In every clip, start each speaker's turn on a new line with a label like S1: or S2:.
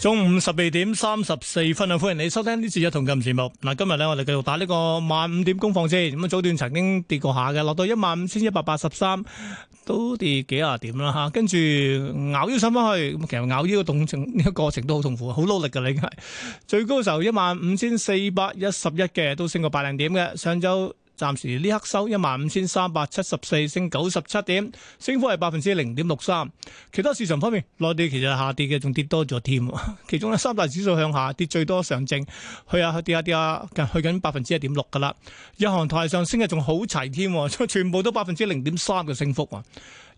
S1: 中午十二點三十四分啊！歡迎你收聽呢次日同咁節目。嗱，今日咧，我哋繼續打呢個萬五點攻防戰。咁啊，早段曾經跌過下嘅，落到一萬五千一百八十三，都跌幾啊點啦吓。跟住咬腰上翻去，咁其實咬腰個動靜呢、呢個過程都好痛苦，好努力噶你係。最高嘅時候一萬五千四百一十一嘅，都升過百零點嘅。上周。暫時呢刻收一萬五千三百七十四，升九十七點，升幅係百分之零點六三。其他市場方面，內地其實是下跌嘅，仲跌多咗添。其中呢三大指數向下跌最多，上證去啊去跌啊跌啊，去緊百分之一點六噶啦。一行台上升嘅仲好齊添，全部都百分之零點三嘅升幅。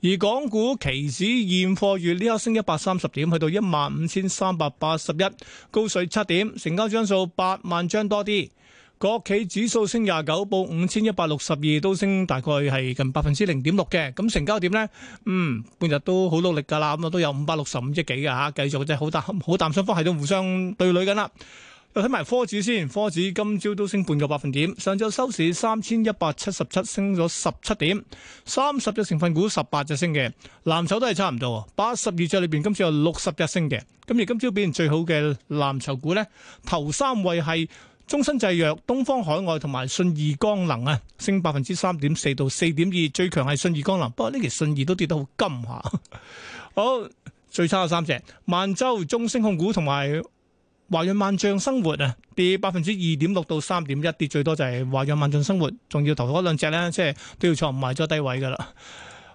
S1: 而港股期指現貨月呢刻升一百三十點，去到一萬五千三百八十一，高水七點，成交張數八萬張多啲。國企指數升廿九，報五千一百六十二，都升大概係近百分之零點六嘅。咁成交點呢，嗯，半日都好努力噶啦，咁啊都有五百六十五億幾嘅吓，繼、啊、續即係好淡好淡雙方，係都互相對壘緊啦。又睇埋科指先，科指今朝都升半個百分點，上晝收市三千一百七十七，升咗十七點，三十隻成分股十八隻升嘅，藍籌都係差唔多，八十二隻裏邊今朝有六十隻升嘅。咁而今朝表現最好嘅藍籌股呢，頭三位係。中生製藥、東方海外同埋信義光能啊，升百分之三點四到四點二，最強係信義光能。江不過呢期信義都跌得好金下。好，最差嘅三隻：萬洲、中升控股同埋華潤萬象生活啊，跌百分之二點六到三點一，跌最多就係華潤萬象生活。仲要投嗰兩隻呢，即係都要坐唔埋咗低位噶啦。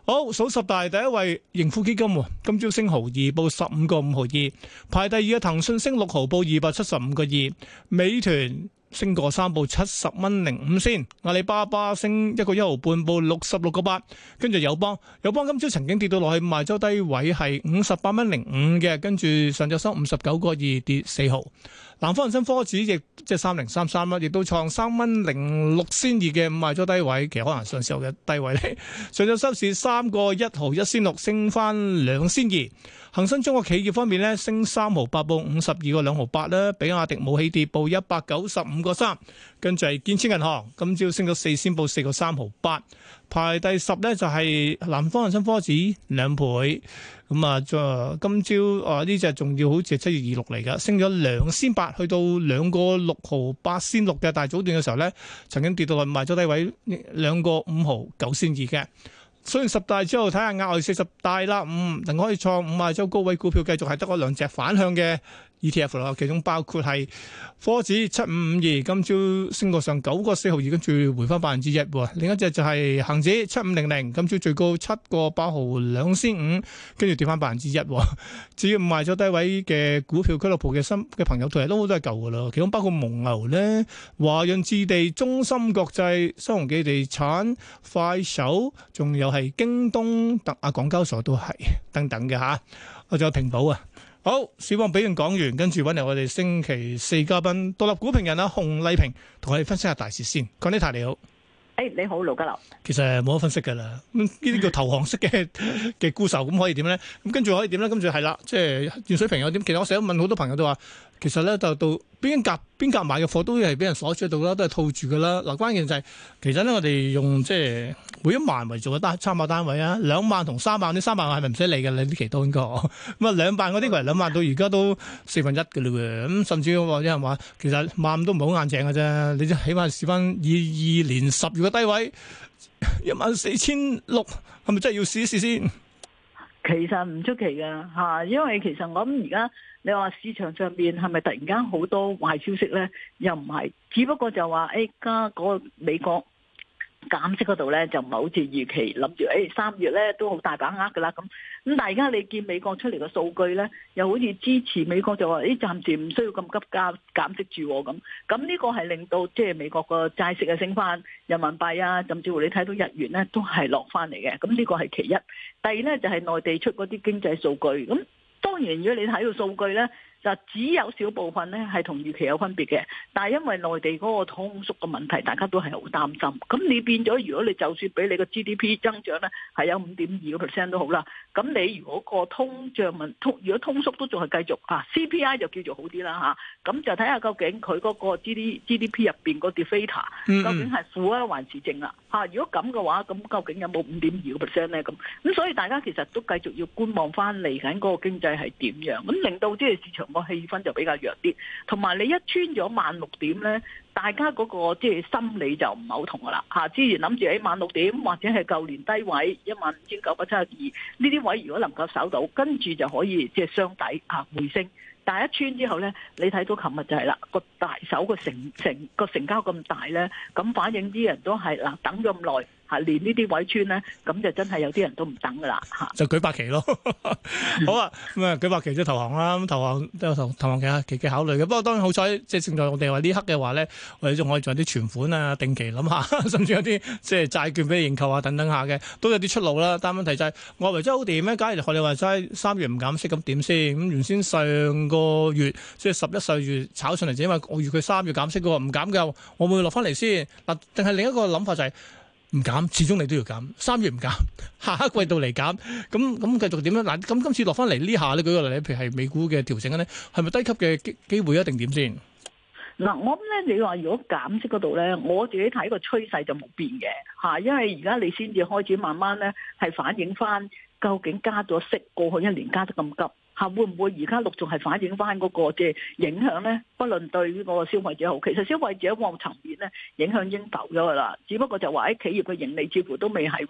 S1: 好數十大第一位盈富基金喎，今朝升毫二，報十五個五毫二。排第二嘅騰訊升六毫，報二百七十五個二。美團升過三，報七十蚊零五先。阿里巴巴升一個一毫半，報六十六個八。跟住友邦，友邦今朝曾經跌到落去賣咗低位係五十八蚊零五嘅，跟住上晝收五十九個二，跌四毫。南方恒生科指亦即係三零三三蚊，亦都創三蚊零六仙二嘅，五賣咗低位，其實可能上市後嘅低位咧，上咗收市三個一毫一仙六，升返兩仙二。恒生中國企業方面咧，升三毫八報五十二個兩毫八啦，比亞迪冇起跌報一百九十五個三，跟住係建設銀行，今朝升咗四仙報四個三毫八。排第十咧就係南方恆生科指兩倍咁啊！再今朝啊呢隻仲要好似七月二六嚟噶，升咗兩千八去到兩個六毫八仙六嘅，大早段嘅時候咧曾經跌到賣咗低位兩個五毫九仙二嘅。所以十大之後睇下額外四十大啦，五、嗯，我可以創五啊！周高位股票繼續係得嗰兩隻反向嘅。E.T.F 咯，其中包括係科指七五五二，今朝升過上九個四毫，已經跟住回翻百分之一。另一隻就係恒指七五零零，今朝最高七個八毫兩千五，跟住跌翻百分之一。只要買咗低位嘅股票，俱樂部嘅新嘅朋友，其實都好多都係舊噶啦。其中包括蒙牛咧、華潤置地、中芯國際、新鴻基地產、快手，仲有係京東、特啊廣交所都係等等嘅嚇。我仲有平保啊。好，小況俾完講完，跟住搵嚟我哋星期四嘉賓獨立股評人阿熊麗萍同我哋分析下大事先。鄺啟泰你好，
S2: 誒你好，盧家樓，
S1: 其實冇得分析噶啦，咁呢啲叫投降式嘅嘅沽售，咁 可以點咧？咁跟住可以點咧？跟住係啦，即係斷水平有點。其實我成日問好多朋友都話。其實咧就到邊一格邊格買嘅貨都係俾人鎖住喺度啦，都係套住噶啦。嗱、啊，關鍵就係、是、其實咧，我哋用即係每一萬為做嘅單，參考單位啊，兩萬同三萬啲三萬係咪唔使理嘅？啲期都應該咁啊，兩、嗯、萬嗰啲佢兩萬到而家都四分一嘅啦，咁甚至我有人話，其實萬五都唔係好硬淨㗎啫。你起碼試翻二二年十月嘅低位，一萬四千六，係咪真係要試一試先？
S2: 其實唔出奇㗎吓，因為其實我諗而家你話市場上面係咪突然間好多壞消息呢？又唔係，只不過就話誒，而家嗰個美國。減息嗰度咧就唔係好似預期諗住，誒三月咧都好大把握嘅啦。咁咁但係而家你見美國出嚟嘅數據咧，又好似支持美國就話，誒暫時唔需要咁急加減息住咁。咁呢個係令到即係美國個債息啊升翻，人民幣啊，甚至乎你睇到日元咧都係落翻嚟嘅。咁呢個係其一，第二咧就係內地出嗰啲經濟數據。咁當然如果你睇到數據咧。就只有少部分咧係同預期有分別嘅，但係因為內地嗰個通縮嘅問題，大家都係好擔心。咁你變咗，如果你就算俾你個 GDP 增長咧係有五點二個 percent 都好啦。咁你如果個通脹問通，如果通縮都仲係繼續啊，CPI 就叫做好啲啦吓。咁、啊、就睇下究竟佢嗰個 g d GDP 入邊個 d e f 究竟係負啊還是正啊吓。如果咁嘅話，咁究竟有冇五點二個 percent 咧？咁咁所以大家其實都繼續要觀望翻嚟緊嗰個經濟係點樣，咁令到即係市場。個氣氛就比較弱啲，同埋你一穿咗萬六點咧，大家嗰個即係心理就唔係好同噶啦，吓之前諗住喺萬六點或者係舊年低位一萬五千九百七十二呢啲位，如果能夠守到，跟住就可以即係雙底吓回升。但係一穿之後咧，你睇到琴日就係啦，個大手個成成個成交咁大咧，咁反映啲人都係嗱等咗咁耐。嚇，連呢啲位穿
S1: 咧，咁就真係有啲人都唔等噶啦嚇，就舉白旗咯。 好啊，咁啊、嗯、舉白旗即投降啦。咁投降都有投投降嘅，其其考慮嘅。不過當然好彩，即係正在我哋話呢刻嘅話咧，我哋仲可以做啲存款啊、定期諗下，甚至有啲即係債券俾你認購啊等等下嘅都有啲出路啦。但係問題就係我話為真好掂咧？假如學你話齋三月唔減息咁點先咁？原先上個月即係十一、十二月炒上嚟，只因為我預佢三月減息嘅喎，唔減嘅，我會落翻嚟先嗱。定係另一個諗法就係、是。唔減，始終你都要減。三月唔減，下一個季度嚟減，咁咁繼續點樣？嗱，咁今次落翻嚟呢下咧，舉個例子，譬如係美股嘅調整咧，係咪低級嘅機機會啊？定點先？
S2: 嗱，我諗咧，你話如果減息嗰度咧，我自己睇個趨勢就冇變嘅吓，因為而家你先至開始慢慢咧係反映翻，究竟加咗息過去一年加得咁急。吓會唔會而家陸續係反映翻嗰個嘅影響呢？不論對於個消費者好，其實消費者個層面呢影響已經走咗啦。只不過就話企業嘅盈利似乎都未係，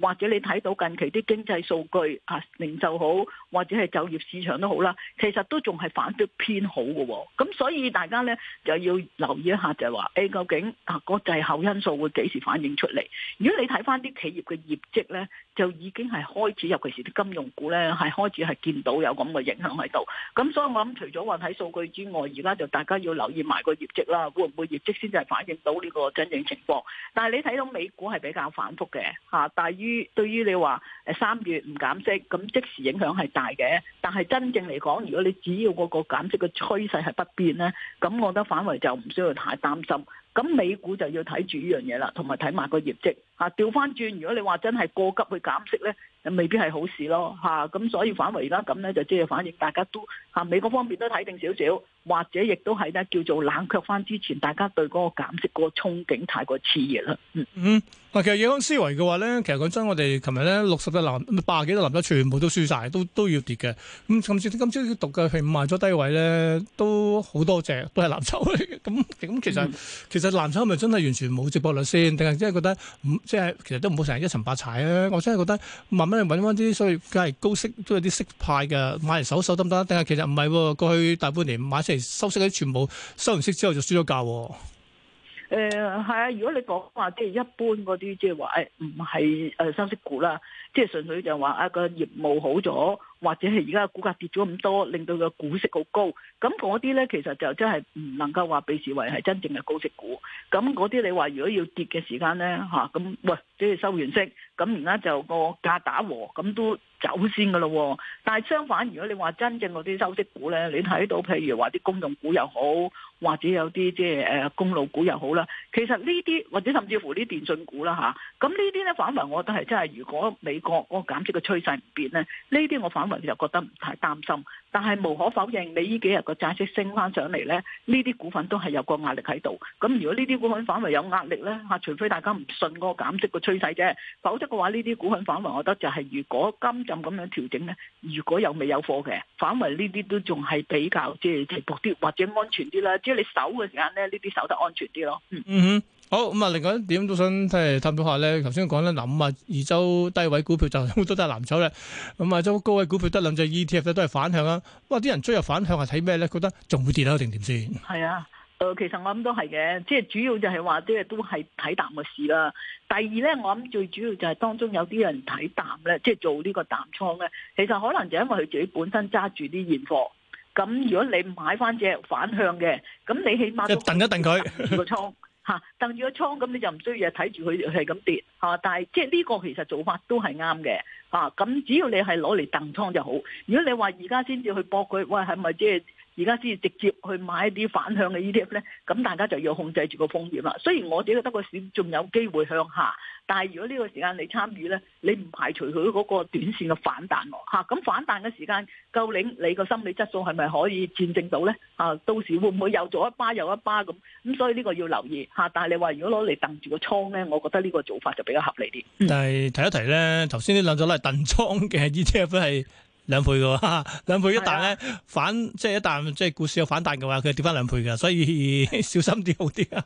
S2: 或者你睇到近期啲經濟數據啊，零售好或者係就業市場都好啦，其實都仲係反映偏好嘅。咁所以大家呢，就要留意一下就，就係話誒究竟啊國際後因素會幾時反映出嚟？如果你睇翻啲企業嘅業績呢，就已經係開始，尤其是啲金融股呢，係開始係見到有咁。咁啊，影響喺度，咁所以我諗除咗話睇數據之外，而家就大家要留意埋個業績啦，會唔會業績先至係反映到呢個真正情況？但係你睇到美股係比較反覆嘅吓，大、啊、於對於你話誒三月唔減息，咁即時影響係大嘅。但係真正嚟講，如果你只要嗰個減息嘅趨勢係不變咧，咁我覺得反為就唔需要太擔心。咁美股就要睇住呢樣嘢啦，同埋睇埋個業績吓。調翻轉，如果你話真係過急去減息咧，未必係好事咯，吓、啊、咁所以反為而家咁咧，就即係反映大家都吓、啊、美國方面都睇定少少。或者亦都係咧，叫做冷卻翻之前，大家對嗰個減息嗰、嗰個憧憬太過熾熱
S1: 啦。嗯，嗯，其實養生思維嘅話咧，其實講真我呢，我哋琴日咧六十隻藍，百幾隻藍都全部都輸晒，都都要跌嘅。咁、嗯、甚至今朝啲獨嘅係賣咗低位咧，都好多隻都係藍籌嚟嘅。咁咁其實其實藍籌係咪真係完全冇接波率先，定係即係覺得即係其實都唔好成日一沉百踩啊！我真係覺得慢慢一揾翻啲，所以梗係高息都有啲息派嘅，買嚟手手得唔得？定係其實唔係喎，過去大半年買收息啲全部收完息之後就輸咗價。誒，
S2: 係啊，如果你講話即係一般嗰啲，即係話誒唔係誒收息股啦。即係純粹就話啊個業務好咗，或者係而家股價跌咗咁多，令到個股息好高，咁嗰啲呢，其實就真係唔能夠話被視為係真正嘅高息股。咁嗰啲你話如果要跌嘅時間呢，吓咁喂即係、就是、收完息，咁而家就個價打和，咁都先走先噶咯。但係相反，如果你話真正嗰啲收息股呢，你睇到譬如話啲公用股又好，或者有啲即係公路股又好啦，其實呢啲或者甚至乎啲電訊股啦吓，咁呢啲呢，反為，我覺得係真係如果你個個減息嘅趨勢唔變咧，呢啲我反為就覺得唔太擔心。但係無可否認，你呢幾日個債息升翻上嚟咧，呢啲股份都係有個壓力喺度。咁如果呢啲股份反為有壓力咧，吓，除非大家唔信嗰個減息個趨勢啫，否則嘅話呢啲股份反為，我覺得就係如果金浸咁樣調整咧，如果有未有貨嘅，反為呢啲都仲係比較即係即係搏啲或者安全啲啦。只要你守嘅時間咧，呢啲守得安全啲咯。嗯。
S1: 好咁啊！另外一點都想即係探討下咧，頭先講咧諗啊，二周低位股票就好多都係藍籌咧。咁、嗯、啊，二周高位股票得兩隻 ETF 都係反向啦。哇！啲人追入反向係睇咩咧？覺得仲會跌啊？定點先？係
S2: 啊、呃，其實我諗都係嘅，即係主要就係話，即係都係睇淡嘅事啦。第二咧，我諗最主要就係當中有啲人睇淡咧，即係做呢個淡倉咧。其實可能就因為佢自己本身揸住啲現貨，咁如果你買翻隻反向嘅，咁你起碼就掟一掟佢個吓，掟住、啊、個倉，咁你就唔需要睇住佢係咁跌，吓、啊，但係即係呢個其實做法都係啱嘅，吓、啊，咁只要你係攞嚟掟倉就好。如果你話而家先至去搏佢，喂，係咪即係？而家先直接去買一啲反向嘅 ETF 咧，咁大家就要控制住個風險啦。雖然我自己覺得個市仲有機會向下，但係如果呢個時間你參與咧，你唔排除佢嗰個短線嘅反彈，嚇、啊、咁反彈嘅時間，究竟你個心理質素係咪可以戰勝到咧？啊，到時會唔會又做一巴又一巴咁？咁所以呢個要留意嚇、啊。但係你話如果攞嚟掟住個倉咧，我覺得呢個做法就比較合理啲。嗯、但
S1: 係提一提咧，頭先啲兩隻都係掟倉嘅 ETF 係。兩倍嘅喎，兩倍一彈咧、啊、反即係一彈即係股市有反彈嘅話，佢跌翻兩倍㗎，所以呵呵小心啲好啲啊。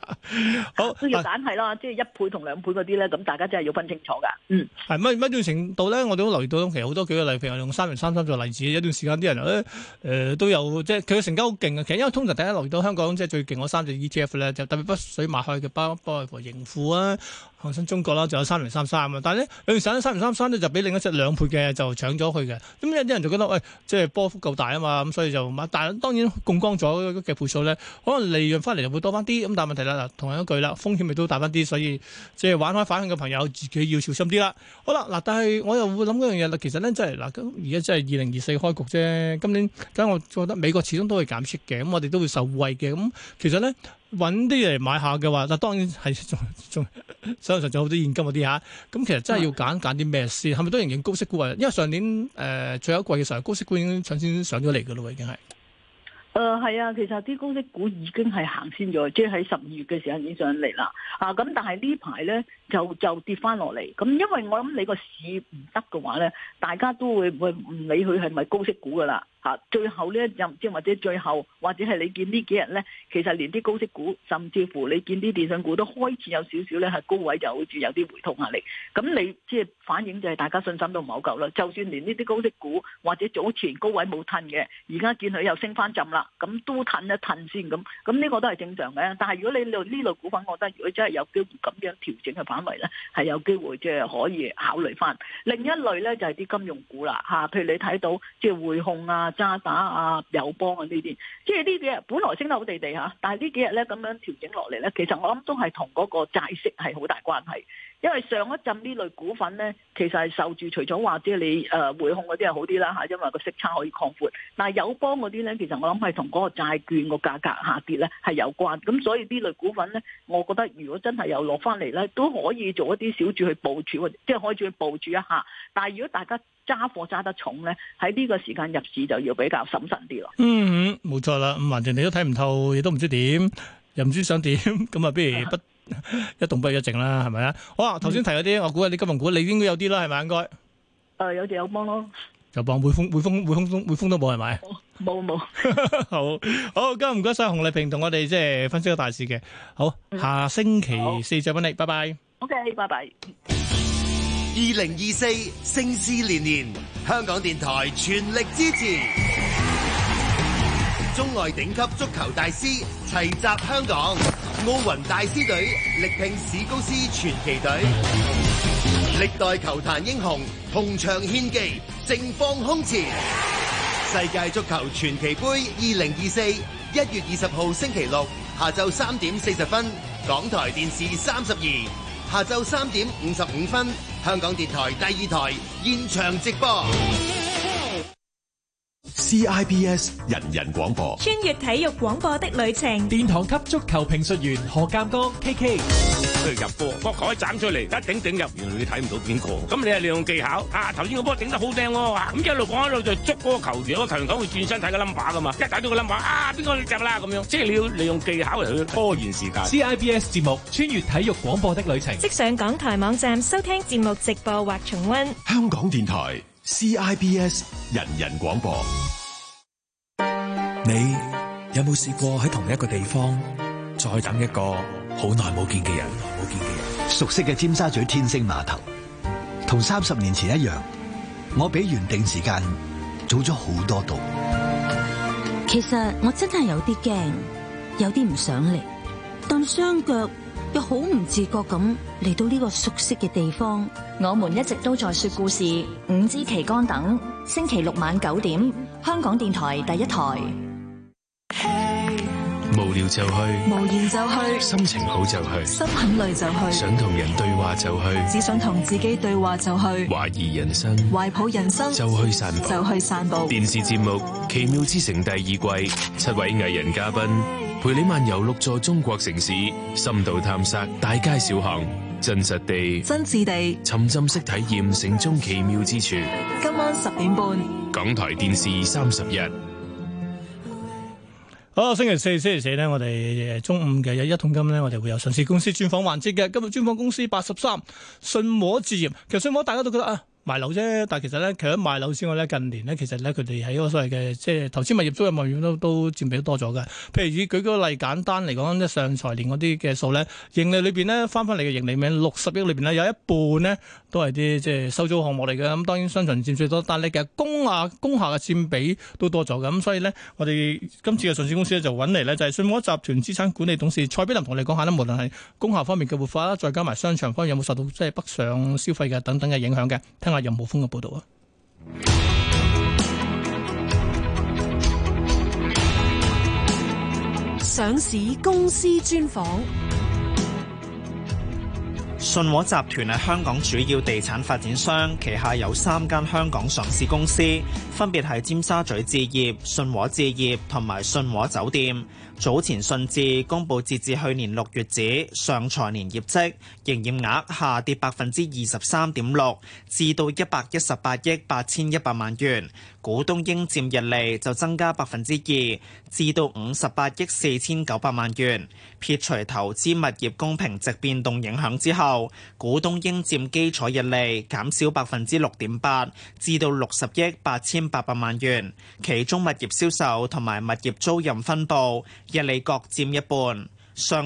S1: 好，有膽係咯，
S2: 啊、即係一倍同兩倍嗰啲咧，咁大家真係
S1: 要分清楚㗎。嗯，係乜乜段程度咧？我哋都留意到，其實好多，舉個例子，用三零三三做例子，一段時間啲人誒誒、呃、都有，即係佢嘅成交好勁啊。其實因為通常大家留意到香港即係最勁，嗰三隻 ETF 咧就特別北水馬喝嘅包包括盈富啊。講新中國啦，就有三零三三啊嘛，但係咧兩年省三零三三咧，就俾另一隻兩倍嘅就搶咗佢嘅，咁有啲人就覺得喂、哎，即係波幅夠大啊嘛，咁所以就乜？但係當然共光咗嘅倍數咧，可能利潤翻嚟就會多翻啲，咁但係問題啦嗱，同樣一句啦，風險亦都大翻啲，所以即係玩開反向嘅朋友自己要小心啲啦。好啦，嗱，但係我又會諗嗰樣嘢啦，其實咧即係嗱，而家即係二零二四開局啫，今年咁我覺得美國始終都會減息嘅，咁我哋都會受惠嘅，咁其實咧。揾啲嚟買下嘅話，嗱當然係仲仲，手上仲有好多現金嗰啲嚇。咁其實真係要揀揀啲咩先？係咪都仍然高息股啊？因為上年誒、呃、最後一季嘅時候，高息股已經搶先上咗嚟㗎咯，已經係。
S2: 誒係、呃、啊，其實啲高息股已經係行先咗，即係喺十二月嘅時候已經上嚟啦。啊，咁但係呢排咧。就就跌翻落嚟，咁因為我諗你個市唔得嘅話咧，大家都會會唔理佢係咪高息股噶啦，吓，最後呢一浸，或者最後或者係你見呢幾日咧，其實連啲高息股，甚至乎你見啲電信股都開始有少少咧，係高位就好似有啲回吐壓力，咁你即係、就是、反映就係大家信心都唔好夠啦，就算連呢啲高息股或者早前高位冇褪嘅，而家見佢又升翻浸啦，咁都褪一褪先咁，咁呢個都係正常嘅，但係如果你呢類股份，我覺得如果真係有機會咁樣調整嘅反。係有機會即係可以考慮翻，另一類咧就係啲金融股啦吓，譬如你睇到即係匯控啊、渣打啊、友邦啊呢啲，即係呢幾日本來升得好地地吓，但係呢幾日咧咁樣調整落嚟咧，其實我諗都係同嗰個債息係好大關係。因為上一陣呢類股份咧，其實係受住除咗話即係你誒匯、呃、控嗰啲係好啲啦吓，因為個息差可以擴闊。嗱友邦嗰啲咧，其實我諗係同嗰個債券個價格下跌咧係有關。咁所以呢類股份咧，我覺得如果真係又落翻嚟咧，都可以做一啲小注去部署，即係可以去部署一下。但係如果大家揸貨揸得重咧，喺呢個時間入市就要比較審慎啲咯、
S1: 嗯。嗯，冇錯啦。咁完全你都睇唔透，亦都唔知點，又唔知想點，咁啊，不如不。 一動不如一靜啦，係咪啊？哇，頭先提嗰啲，我估下啲金融股，你應該有啲啦，係咪應該？誒，
S2: 有
S1: 借有幫咯，就幫匯豐，匯豐，匯豐都、匯豐都冇係咪？冇冇， 好好，今日唔該晒熊麗萍同我哋即係分析個大事嘅。好，嗯、下星期四再揾好你，拜拜。
S2: O K，拜拜。二零二四，盛事連連，香港電台全力支持，中外頂級足球大師齊集香港。奧運大師隊力拼史高斯傳奇隊，歷代球壇英雄同場獻技，盛況空前。世界足球傳奇杯二零二四一月二十號星期六下晝三點四十分，港台電視三十二；下晝三點五十五分，香港電台第二台現場直播。
S1: CIBS 人人廣播，
S2: 穿越體育廣播的旅程。殿堂級足球評述員何鑑哥 K K，
S1: 入波波可以斬出嚟，一頂頂入，原來你睇唔到邊個。咁你係利用技巧，啊，頭先個波頂得好正喎，咁一路講一路就捉嗰個球員，個球員講會轉身睇個 number 噶嘛，一睇到個 number 啊，邊個你入啦咁樣。即係你要利用技巧嚟去拖延時間。CIBS 節目《穿越體育廣播的旅程》，
S2: 即上港台網站收聽節目直播或重溫。香
S1: 港電台。CIBS 人人廣播，你有冇試過喺同一個地方再等一個好耐冇見嘅人？冇見嘅人，熟悉嘅尖沙咀天星碼頭，同三十年前一樣，我比原定時間早咗好多度。
S2: 其實我真係有啲驚，有啲唔想嚟，但雙腳。又好唔自覺咁嚟到呢個熟悉嘅地方，我們一直都在說故事。五枝旗桿等，星期六晚九點，香港電台第一台。
S1: Hey. 無聊就去，無言就去，心情好就去，心
S2: 很累就去，想同人對話就去，只想同自己對話就去，懷疑人生，懷抱人生，就去
S1: 散步，就去散步。電視節目《奇妙之城》第二季，七位藝人嘉賓。陪你漫遊六座中國城市，深度探索大街小巷，真實地、真摯地沉浸式體驗城中奇妙之處。
S2: 今晚十點
S1: 半，港台電視三十日。好，星期四、星期四呢，我哋中午嘅有一桶金呢，我哋會有上市公司專訪環節嘅。今日專訪公司八十三信和置業，其實信和大家都覺得啊。賣樓啫，但係其實咧，除咗賣樓之外咧，近年咧，其實咧，佢哋喺嗰個所謂嘅即係投資物業租、租入物業都都佔比多咗嘅。譬如以舉個例簡單嚟講，一上財年嗰啲嘅數咧，盈利裏邊呢，翻翻嚟嘅盈利60裡面六十億裏邊咧，有一半呢都係啲即係收租項目嚟嘅。咁當然商場佔最多，但係嘅工廈啊，工廈嘅佔比都多咗咁，所以呢，我哋今次嘅上市公司咧就揾嚟咧就係、是、信和集團資產管理董事蔡比林同我哋講下啦。無論係工廈方面嘅活化啦，再加埋商場方面有冇受到即係北上消費嘅等等嘅影響嘅。阿任浩峰嘅報道啊！
S2: 上市公司專訪，
S1: 信和集團係香港主要地產發展商，旗下有三間香港上市公司，分別係尖沙咀置業、信和置業同埋信和酒店。早前信置公布截至去年六月止上財年業績，營業額下跌百分之二十三點六，至到一百一十八億八千一百萬元；股東應占溢利就增加百分之二，至到五十八億四千九百萬元。撇除投資物業公平值變動影響之後，股東應占基礎溢利減少百分之六點八，至到六十億八千八百萬元。其中物業銷售同埋物業租賃分布。印尼各佔一半，